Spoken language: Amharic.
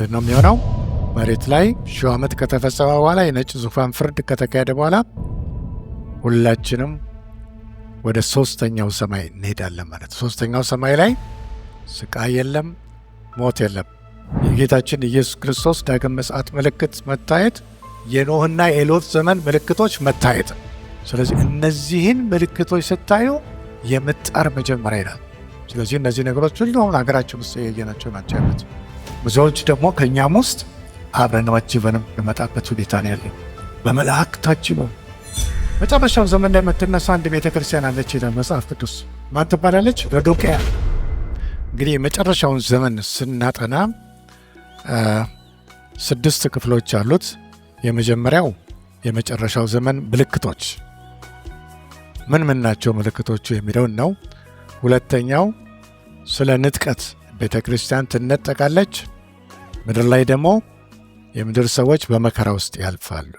ምንድን ነው የሚሆነው? መሬት ላይ ሺ ዓመት ከተፈጸመ በኋላ የነጭ ዙፋን ፍርድ ከተካሄደ በኋላ ሁላችንም ወደ ሶስተኛው ሰማይ እንሄዳለን ማለት። ሶስተኛው ሰማይ ላይ ስቃይ የለም፣ ሞት የለም። የጌታችን ኢየሱስ ክርስቶስ ዳግም ምጽአት ምልክት መታየት፣ የኖህና የሎት ዘመን ምልክቶች መታየት። ስለዚህ እነዚህን ምልክቶች ስታዩ የምጣር መጀመሪያ ይላል። ስለዚህ እነዚህ ነገሮች ሁሉም ሀገራችን ውስጥ የየናቸው ናቸው ያሉት። ብዙዎች ደግሞ ከእኛም ውስጥ አብረናችሁ በንም የመጣበት ሁኔታ ነው ያለ። በመላእክታችን መጨረሻው ዘመን ላይ የምትነሳ አንድ ቤተክርስቲያን አለች ይላል መጽሐፍ ቅዱስ። ማን ትባላለች? ሎዶቅያ። እንግዲህ የመጨረሻውን ዘመን ስናጠና ስድስት ክፍሎች አሉት። የመጀመሪያው የመጨረሻው ዘመን ምልክቶች ምን ምን ናቸው ምልክቶቹ የሚለውን ነው። ሁለተኛው ስለ ንጥቀት ቤተ ክርስቲያን ትነጠቃለች፣ ምድር ላይ ደግሞ የምድር ሰዎች በመከራ ውስጥ ያልፋሉ።